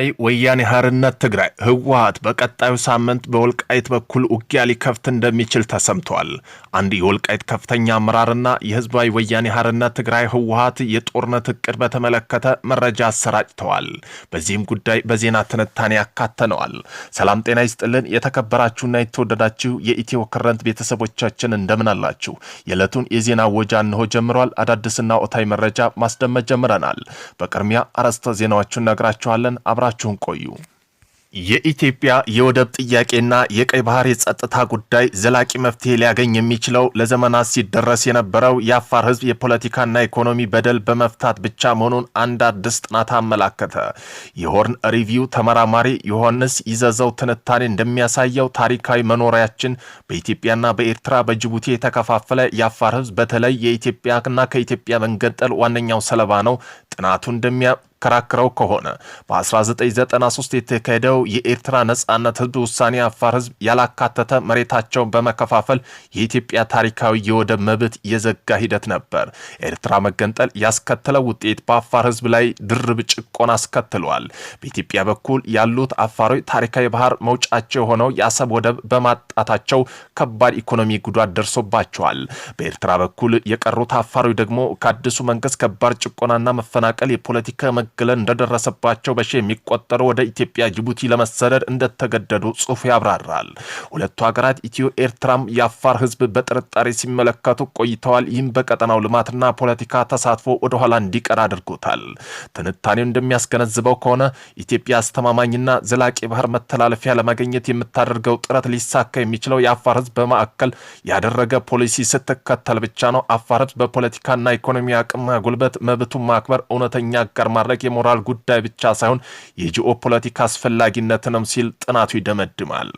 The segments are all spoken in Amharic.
ህዝባዊ ወያኔ ሀርነት ትግራይ ህወሀት በቀጣዩ ሳምንት በወልቃይት በኩል ውጊያ ሊከፍት እንደሚችል ተሰምቷል። አንድ የወልቃይት ከፍተኛ አመራርና የህዝባዊ ወያኔ ሀርነት ትግራይ ህወሀት የጦርነት እቅድ በተመለከተ መረጃ አሰራጭተዋል። በዚህም ጉዳይ በዜና ትንታኔ ያካተነዋል። ሰላም ጤና ይስጥልን። የተከበራችሁና የተወደዳችሁ የኢትዮ ክረንት ቤተሰቦቻችን እንደምን አላችሁ? የዕለቱን የዜና ወጃ እንሆ ጀምሯል። አዳዲስና ኦታዊ መረጃ ማስደመጥ ጀምረናል። በቅድሚያ አርዕስተ ዜናዎቹን ነግራችኋለን። አብራ አብራችሁን ቆዩ። የኢትዮጵያ የወደብ ጥያቄና የቀይ ባህር የጸጥታ ጉዳይ ዘላቂ መፍትሄ ሊያገኝ የሚችለው ለዘመናት ሲደረስ የነበረው የአፋር ሕዝብ የፖለቲካና ኢኮኖሚ በደል በመፍታት ብቻ መሆኑን አንድ አዲስ ጥናት አመላከተ። የሆርን ሪቪው ተመራማሪ ዮሐንስ ይዘዘው ትንታኔ እንደሚያሳየው ታሪካዊ መኖሪያችን በኢትዮጵያና በኤርትራ በጅቡቲ የተከፋፈለ የአፋር ሕዝብ በተለይ የኢትዮጵያና ከኢትዮጵያ መንገንጠል ዋነኛው ሰለባ ነው። ጥናቱ እንደሚያ የሚያከራክረው ከሆነ በ1993 የተካሄደው የኤርትራ ነጻነት ህዝብ ውሳኔ አፋር ህዝብ ያላካተተ መሬታቸውን በመከፋፈል የኢትዮጵያ ታሪካዊ የወደብ መብት የዘጋ ሂደት ነበር። ኤርትራ መገንጠል ያስከተለው ውጤት በአፋር ህዝብ ላይ ድርብ ጭቆና አስከትሏል። በኢትዮጵያ በኩል ያሉት አፋሮች ታሪካዊ ባህር መውጫቸው የሆነው የአሰብ ወደብ በማጣታቸው ከባድ ኢኮኖሚ ጉዳት ደርሶባቸዋል። በኤርትራ በኩል የቀሩት አፋሮች ደግሞ ከአዲሱ መንግስት ከባድ ጭቆናና መፈናቀል የፖለቲካ ተገላግለን እንደደረሰባቸው በሺ የሚቆጠሩ ወደ ኢትዮጵያ ጅቡቲ ለመሰደድ እንደተገደዱ ጽሑፉ ያብራራል። ሁለቱ ሀገራት ኢትዮ ኤርትራም የአፋር ህዝብ በጥርጣሬ ሲመለከቱ ቆይተዋል። ይህም በቀጠናው ልማትና ፖለቲካ ተሳትፎ ወደኋላ እንዲቀር አድርጎታል። ትንታኔው እንደሚያስገነዝበው ከሆነ ኢትዮጵያ አስተማማኝና ዘላቂ ባህር መተላለፊያ ለማግኘት የምታደርገው ጥረት ሊሳካ የሚችለው የአፋር ህዝብ በማዕከል ያደረገ ፖሊሲ ስትከተል ብቻ ነው። አፋር ህዝብ በፖለቲካና ኢኮኖሚ አቅም ጉልበት መብቱን ማክበር፣ እውነተኛ አጋር ማድረግ የመጠበቅ የሞራል ጉዳይ ብቻ ሳይሆን የጂኦ ፖለቲካ አስፈላጊነትንም ሲል ጥናቱ ይደመድማል።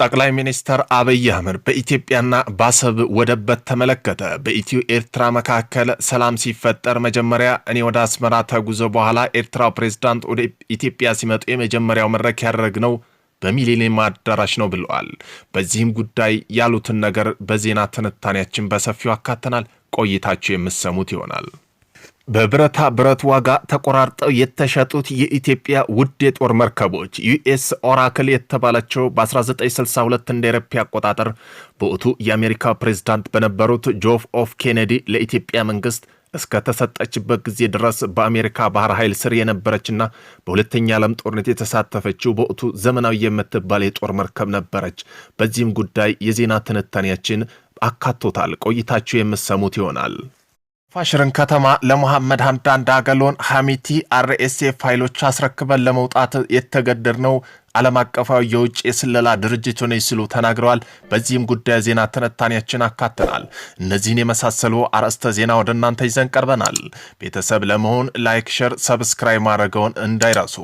ጠቅላይ ሚኒስትር አብይ አህመድ በኢትዮጵያና በአሰብ ወደበት ተመለከተ። በኢትዮ ኤርትራ መካከል ሰላም ሲፈጠር መጀመሪያ እኔ ወደ አስመራ ተጉዞ በኋላ ኤርትራው ፕሬዝዳንት ወደ ኢትዮጵያ ሲመጡ የመጀመሪያው መድረክ ያደረግነው በሚሊኒየም አዳራሽ ነው ብለዋል። በዚህም ጉዳይ ያሉትን ነገር በዜና ትንታኔያችን በሰፊው አካተናል። ቆይታችሁ የምሰሙት ይሆናል። በብረታ ብረት ዋጋ ተቆራርጠው የተሸጡት የኢትዮጵያ ውድ የጦር መርከቦች ዩኤስ ኦራክል የተባለችው በ1962 እንደ ኤሮፓ አቆጣጠር በወቅቱ የአሜሪካ ፕሬዝዳንት በነበሩት ጆፍ ኦፍ ኬኔዲ ለኢትዮጵያ መንግስት እስከ ተሰጠችበት ጊዜ ድረስ በአሜሪካ ባህር ኃይል ስር የነበረችና በሁለተኛ ዓለም ጦርነት የተሳተፈችው በወቅቱ ዘመናዊ የምትባል የጦር መርከብ ነበረች። በዚህም ጉዳይ የዜና ትንታኔያችን አካቶታል። ቆይታችሁ የምሰሙት ይሆናል። ፋሽርን ከተማ ለመሐመድ ሀምዳን ዳገሎን ሐሚቲ አርኤስኤፍ ኃይሎች አስረክበን ለመውጣት ነው ዓለም አቀፋዊ የውጭ የስለላ ድርጅት ሆነች ሲሉ ተናግረዋል። በዚህም ጉዳይ ዜና ትንታኔያችን አካተናል። እነዚህን የመሳሰሉ አርዕስተ ዜና ወደ እናንተ ይዘን ቀርበናል። ቤተሰብ ለመሆን ላይክ፣ ሸር፣ ሰብስክራይብ ማድረገውን እንዳይረሱ።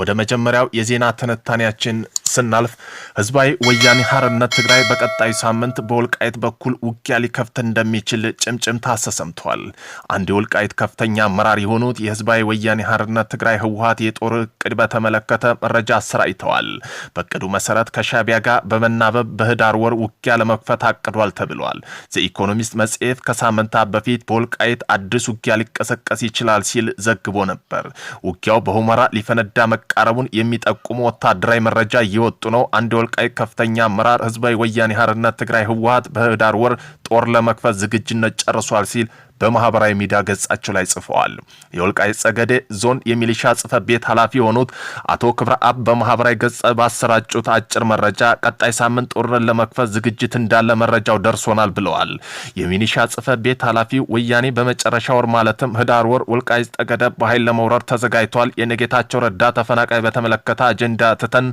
ወደ መጀመሪያው የዜና ትንታኔያችን ስናልፍ ህዝባዊ ወያኔ ሀርነት ትግራይ በቀጣዩ ሳምንት በወልቃይት በኩል ውጊያ ሊከፍት እንደሚችል ጭምጭምታ ተሰምቷል። አንድ የወልቃይት ከፍተኛ አመራር የሆኑት የህዝባዊ ወያኔ ሀርነት ትግራይ ህወሀት የጦር እቅድ በተመለከተ መረጃ አሰራጭተዋል። ተናግረዋል። በእቅዱ መሰረት ከሻቢያ ጋር በመናበብ በህዳር ወር ውጊያ ለመክፈት አቅዷል ተብሏል። ዘኢኮኖሚስት መጽሔፍ ከሳምንታት በፊት በወልቃይት አዲስ ውጊያ ሊቀሰቀስ ይችላል ሲል ዘግቦ ነበር። ውጊያው በሁመራ ሊፈነዳ መቃረቡን የሚጠቁሙ ወታደራዊ መረጃ እየወጡ ነው። አንድ የወልቃይት ከፍተኛ አመራር ህዝባዊ ወያኔ ሓርነት ትግራይ ህወሀት በህዳር ወር ጦር ለመክፈት ዝግጅነት ጨርሷል ሲል በማህበራዊ ሚዲያ ገጻቸው ላይ ጽፈዋል። የወልቃይት ጸገዴ ዞን የሚሊሻ ጽህፈት ቤት ኃላፊ የሆኑት አቶ ክብረ አብ በማህበራዊ ገጽ ባሰራጩት አጭር መረጃ ቀጣይ ሳምንት ጦርነት ለመክፈት ዝግጅት እንዳለ መረጃው ደርሶናል ብለዋል። የሚሊሻ ጽህፈት ቤት ኃላፊ ወያኔ በመጨረሻ ወር ማለትም ህዳር ወር ወልቃይት ጠገደ በኃይል ለመውረር ተዘጋጅቷል። የነጌታቸው ረዳ ተፈናቃይ በተመለከተ አጀንዳ ትተን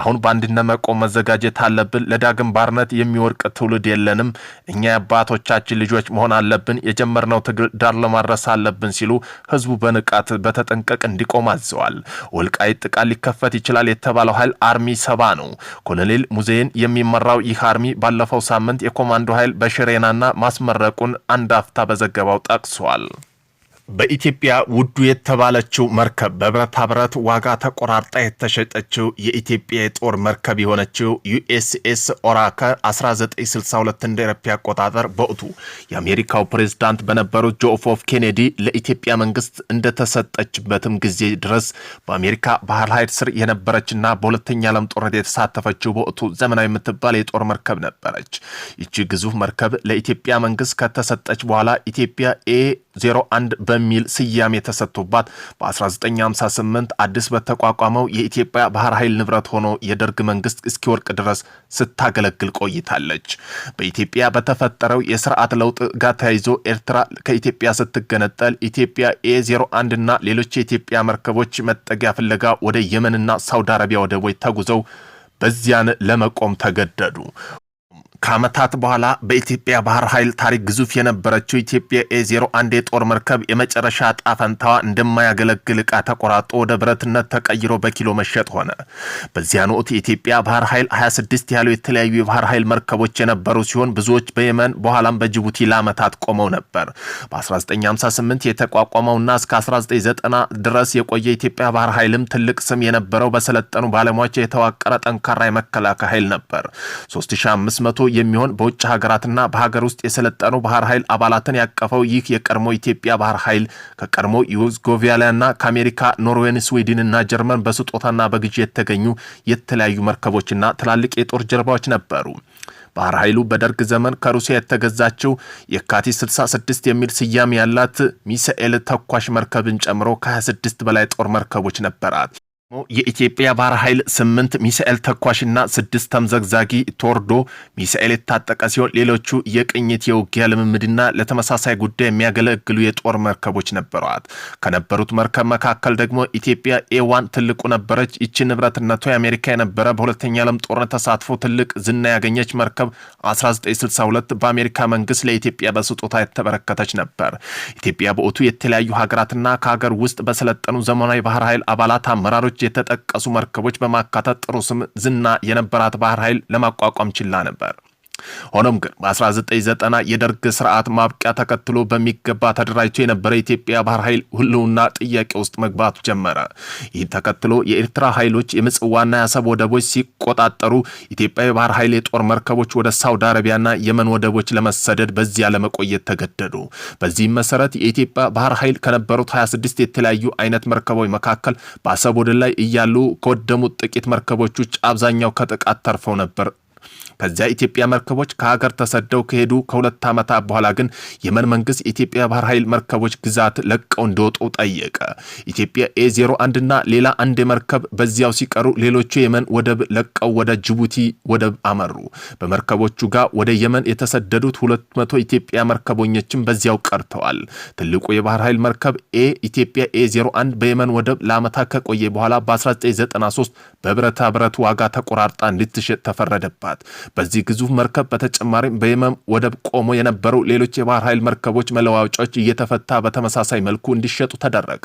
አሁን በአንድነት መቆም መዘጋጀት አለብን። ለዳግም ባርነት የሚወርቅ ትውልድ የለንም። እኛ የአባቶቻችን ልጆች መሆን አለብን። የጀመር የጀመርነው ትግል ዳር ለማድረስ አለብን ሲሉ ህዝቡ በንቃት በተጠንቀቅ እንዲቆም አዘዋል። ወልቃይት ጥቃት ሊከፈት ይችላል የተባለው ኃይል አርሚ ሰባ ነው። ኮሎኔል ሙዜን የሚመራው ይህ አርሚ ባለፈው ሳምንት የኮማንዶ ኃይል በሽሬናና ማስመረቁን አንድ አፍታ በዘገባው ጠቅሷል። በኢትዮጵያ ውዱ የተባለችው መርከብ በብረታ ብረት ዋጋ ተቆራርጣ የተሸጠችው የኢትዮጵያ የጦር መርከብ የሆነችው ዩኤስኤስ ኦራከ 1962 እንደ አውሮፓውያን አቆጣጠር በወቅቱ የአሜሪካው ፕሬዝዳንት በነበሩት ጆን ኤፍ ኬኔዲ ለኢትዮጵያ መንግስት እንደተሰጠችበትም ጊዜ ድረስ በአሜሪካ ባህር ኃይል ስር የነበረችና በሁለተኛ ዓለም ጦርነት የተሳተፈችው በወቅቱ ዘመናዊ የምትባል የጦር መርከብ ነበረች። ይቺ ግዙፍ መርከብ ለኢትዮጵያ መንግስት ከተሰጠች በኋላ ኢትዮጵያ ኤ 01 በሚል ስያሜ ተሰጥቶባት በ1958 አዲስ በተቋቋመው የኢትዮጵያ ባህር ኃይል ንብረት ሆኖ የደርግ መንግስት እስኪወርቅ ድረስ ስታገለግል ቆይታለች። በኢትዮጵያ በተፈጠረው የስርዓት ለውጥ ጋር ተያይዞ ኤርትራ ከኢትዮጵያ ስትገነጠል ኢትዮጵያ ኤ01 እና ሌሎች የኢትዮጵያ መርከቦች መጠጊያ ፍለጋ ወደ የመንና ሳውዲ አረቢያ ወደቦች ተጉዘው በዚያን ለመቆም ተገደዱ። ከዓመታት በኋላ በኢትዮጵያ ባህር ኃይል ታሪክ ግዙፍ የነበረችው ኢትዮጵያ ኤ01 የጦር መርከብ የመጨረሻ ዕጣ ፈንታዋ እንደማያገለግል ዕቃ ተቆራጦ ወደ ብረትነት ተቀይሮ በኪሎ መሸጥ ሆነ። በዚያን ወቅት የኢትዮጵያ ባህር ኃይል 26 ያሉ የተለያዩ የባህር ኃይል መርከቦች የነበሩ ሲሆን ብዙዎች በየመን በኋላም በጅቡቲ ለዓመታት ቆመው ነበር። በ1958 የተቋቋመውና እስከ 1990 ድረስ የቆየ የኢትዮጵያ ባህር ኃይልም ትልቅ ስም የነበረው በሰለጠኑ ባለሙያዎች የተዋቀረ ጠንካራ የመከላከያ ኃይል ነበር 3500 የሚሆን በውጭ ሀገራትና በሀገር ውስጥ የሰለጠኑ ባህር ኃይል አባላትን ያቀፈው ይህ የቀድሞ ኢትዮጵያ ባህር ኃይል ከቀድሞ ዩጎዝላቪያና ከአሜሪካ፣ ኖርዌን፣ ስዊድንና ጀርመን በስጦታና በግዢ የተገኙ የተለያዩ መርከቦችና ትላልቅ የጦር ጀልባዎች ነበሩ። ባህር ኃይሉ በደርግ ዘመን ከሩሲያ የተገዛችው የካቲት 66 የሚል ስያሜ ያላት ሚሳኤል ተኳሽ መርከብን ጨምሮ ከ26 በላይ ጦር መርከቦች ነበራት። የኢትዮጵያ ባህር ኃይል ስምንት ሚሳኤል ተኳሽና ስድስት ተምዘግዛጊ ቶርዶ ሚሳኤል የታጠቀ ሲሆን ሌሎቹ የቅኝት የውጊያ ልምምድና ለተመሳሳይ ጉዳይ የሚያገለግሉ የጦር መርከቦች ነበሯት። ከነበሩት መርከብ መካከል ደግሞ ኢትዮጵያ ኤዋን ትልቁ ነበረች። ይቺ ንብረትነቷ የአሜሪካ የነበረ በሁለተኛ ዓለም ጦርነት ተሳትፎ ትልቅ ዝና ያገኘች መርከብ 1962 በአሜሪካ መንግስት ለኢትዮጵያ በስጦታ የተበረከተች ነበር። ኢትዮጵያ በወቅቱ የተለያዩ ሀገራትና ከሀገር ውስጥ በሰለጠኑ ዘመናዊ ባህር ኃይል አባላት አመራሮች የተጠቀሱ መርከቦች በማካተት ጥሩ ስም ዝና የነበራት ባህር ኃይል ለማቋቋም ችላ ነበር። ሆኖም ግን በ1990 የደርግ ስርዓት ማብቂያ ተከትሎ በሚገባ ተደራጅቶ የነበረ የኢትዮጵያ ባህር ኃይል ህልውና ጥያቄ ውስጥ መግባቱ ጀመረ። ይህን ተከትሎ የኤርትራ ኃይሎች የምጽዋና የአሰብ ወደቦች ሲቆጣጠሩ ኢትዮጵያ የባህር ኃይል የጦር መርከቦች ወደ ሳውዲ አረቢያና የመን ወደቦች ለመሰደድ በዚያ ለመቆየት ተገደዱ። በዚህም መሰረት የኢትዮጵያ ባህር ኃይል ከነበሩት 26 የተለያዩ አይነት መርከቦች መካከል በአሰብ ወደብ ላይ እያሉ ከወደሙት ጥቂት መርከቦች ውጭ አብዛኛው ከጥቃት ተርፈው ነበር። በዚያ ኢትዮጵያ መርከቦች ከሀገር ተሰደው ከሄዱ ከሁለት ዓመታት በኋላ ግን የመን መንግስት የኢትዮጵያ ባህር ኃይል መርከቦች ግዛት ለቀው እንዲወጡ ጠየቀ። ኢትዮጵያ ኤ01 እና ሌላ አንድ መርከብ በዚያው ሲቀሩ ሌሎቹ የመን ወደብ ለቀው ወደ ጅቡቲ ወደብ አመሩ። በመርከቦቹ ጋር ወደ የመን የተሰደዱት 200 ኢትዮጵያ መርከበኞችም በዚያው ቀርተዋል። ትልቁ የባህር ኃይል መርከብ ኤ ኢትዮጵያ ኤ01 በየመን ወደብ ለዓመታት ከቆየ በኋላ በ1993 በብረታ ብረት ዋጋ ተቆራርጣ እንድትሸጥ ተፈረደባት። በዚህ ግዙፍ መርከብ በተጨማሪም በየመን ወደብ ቆሞ የነበሩ ሌሎች የባህር ኃይል መርከቦች መለዋወጫዎች እየተፈታ በተመሳሳይ መልኩ እንዲሸጡ ተደረገ።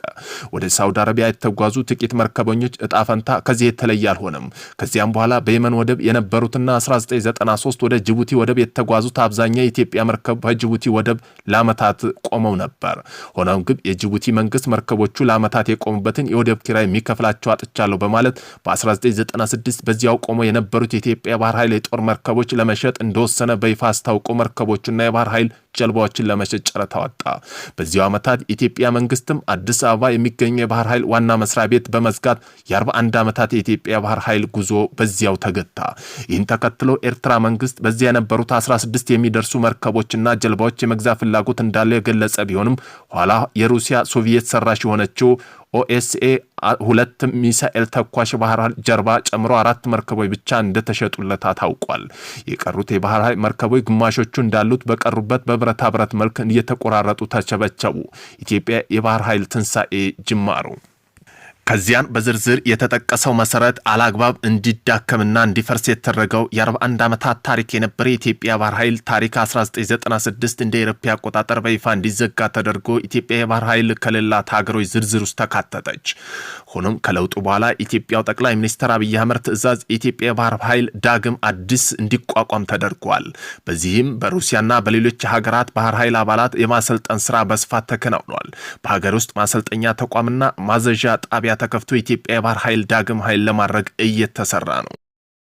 ወደ ሳውዲ አረቢያ የተጓዙ ጥቂት መርከበኞች እጣ ፈንታ ከዚህ የተለየ አልሆነም። ከዚያም በኋላ በየመን ወደብ የነበሩትና 1993 ወደ ጅቡቲ ወደብ የተጓዙት አብዛኛው የኢትዮጵያ መርከብ በጅቡቲ ወደብ ለአመታት ቆመው ነበር። ሆኖም ግን የጅቡቲ መንግስት መርከቦቹ ለአመታት የቆሙበትን የወደብ ኪራይ የሚከፍላቸው አጥቻለሁ በማለት በ1996 በዚያው ቆመው የነበሩት የኢትዮጵያ ባህር ኃይል የጦር መርከቦች ለመሸጥ እንደወሰነ በይፋ አስታውቆ መርከቦችና የባህር ኃይል ጀልባዎችን ለመሸጥ ጨረታ ወጣ። በዚሁ ዓመታት የኢትዮጵያ መንግስትም አዲስ አበባ የሚገኘው የባህር ኃይል ዋና መስሪያ ቤት በመዝጋት የ41 ዓመታት የኢትዮጵያ ባህር ኃይል ጉዞ በዚያው ተገታ። ይህን ተከትሎ ኤርትራ መንግስት በዚያ የነበሩት 16 የሚደርሱ መርከቦችና ጀልባዎች የመግዛት ፍላጎት እንዳለው የገለጸ ቢሆንም ኋላ የሩሲያ ሶቪየት ሰራሽ የሆነችው ኦኤስኤ ሁለት ሚሳኤል ተኳሽ ባህር ኃይል ጀርባ ጨምሮ አራት መርከቦች ብቻ እንደተሸጡለት ታውቋል። የቀሩት የባህር ኃይል መርከቦች ግማሾቹ እንዳሉት በቀሩበት በብረታ ብረት መልክ እየተቆራረጡ ተቸበቸቡ። ኢትዮጵያ የባህር ኃይል ትንሣኤ ጅማሩ ከዚያን በዝርዝር የተጠቀሰው መሰረት አላግባብ እንዲዳከምና እንዲፈርስ የተደረገው የ41 ዓመታት ታሪክ የነበረ የኢትዮጵያ ባህር ኃይል ታሪክ 1996 እንደ ኤሮፓ አቆጣጠር በይፋ እንዲዘጋ ተደርጎ ኢትዮጵያ የባህር ኃይል ከሌላት ሀገሮች ዝርዝር ውስጥ ተካተተች። ሆኖም ከለውጡ በኋላ ኢትዮጵያው ጠቅላይ ሚኒስትር አብይ አህመድ ትዕዛዝ የኢትዮጵያ የባህር ኃይል ዳግም አዲስ እንዲቋቋም ተደርጓል። በዚህም በሩሲያና በሌሎች ሀገራት ባህር ኃይል አባላት የማሰልጠን ስራ በስፋት ተከናውኗል። በሀገር ውስጥ ማሰልጠኛ ተቋምና ማዘዣ ጣቢያ ተከፍቶ የኢትዮጵያ የባህር ኃይል ዳግም ኃይል ለማድረግ እየተሰራ ነው።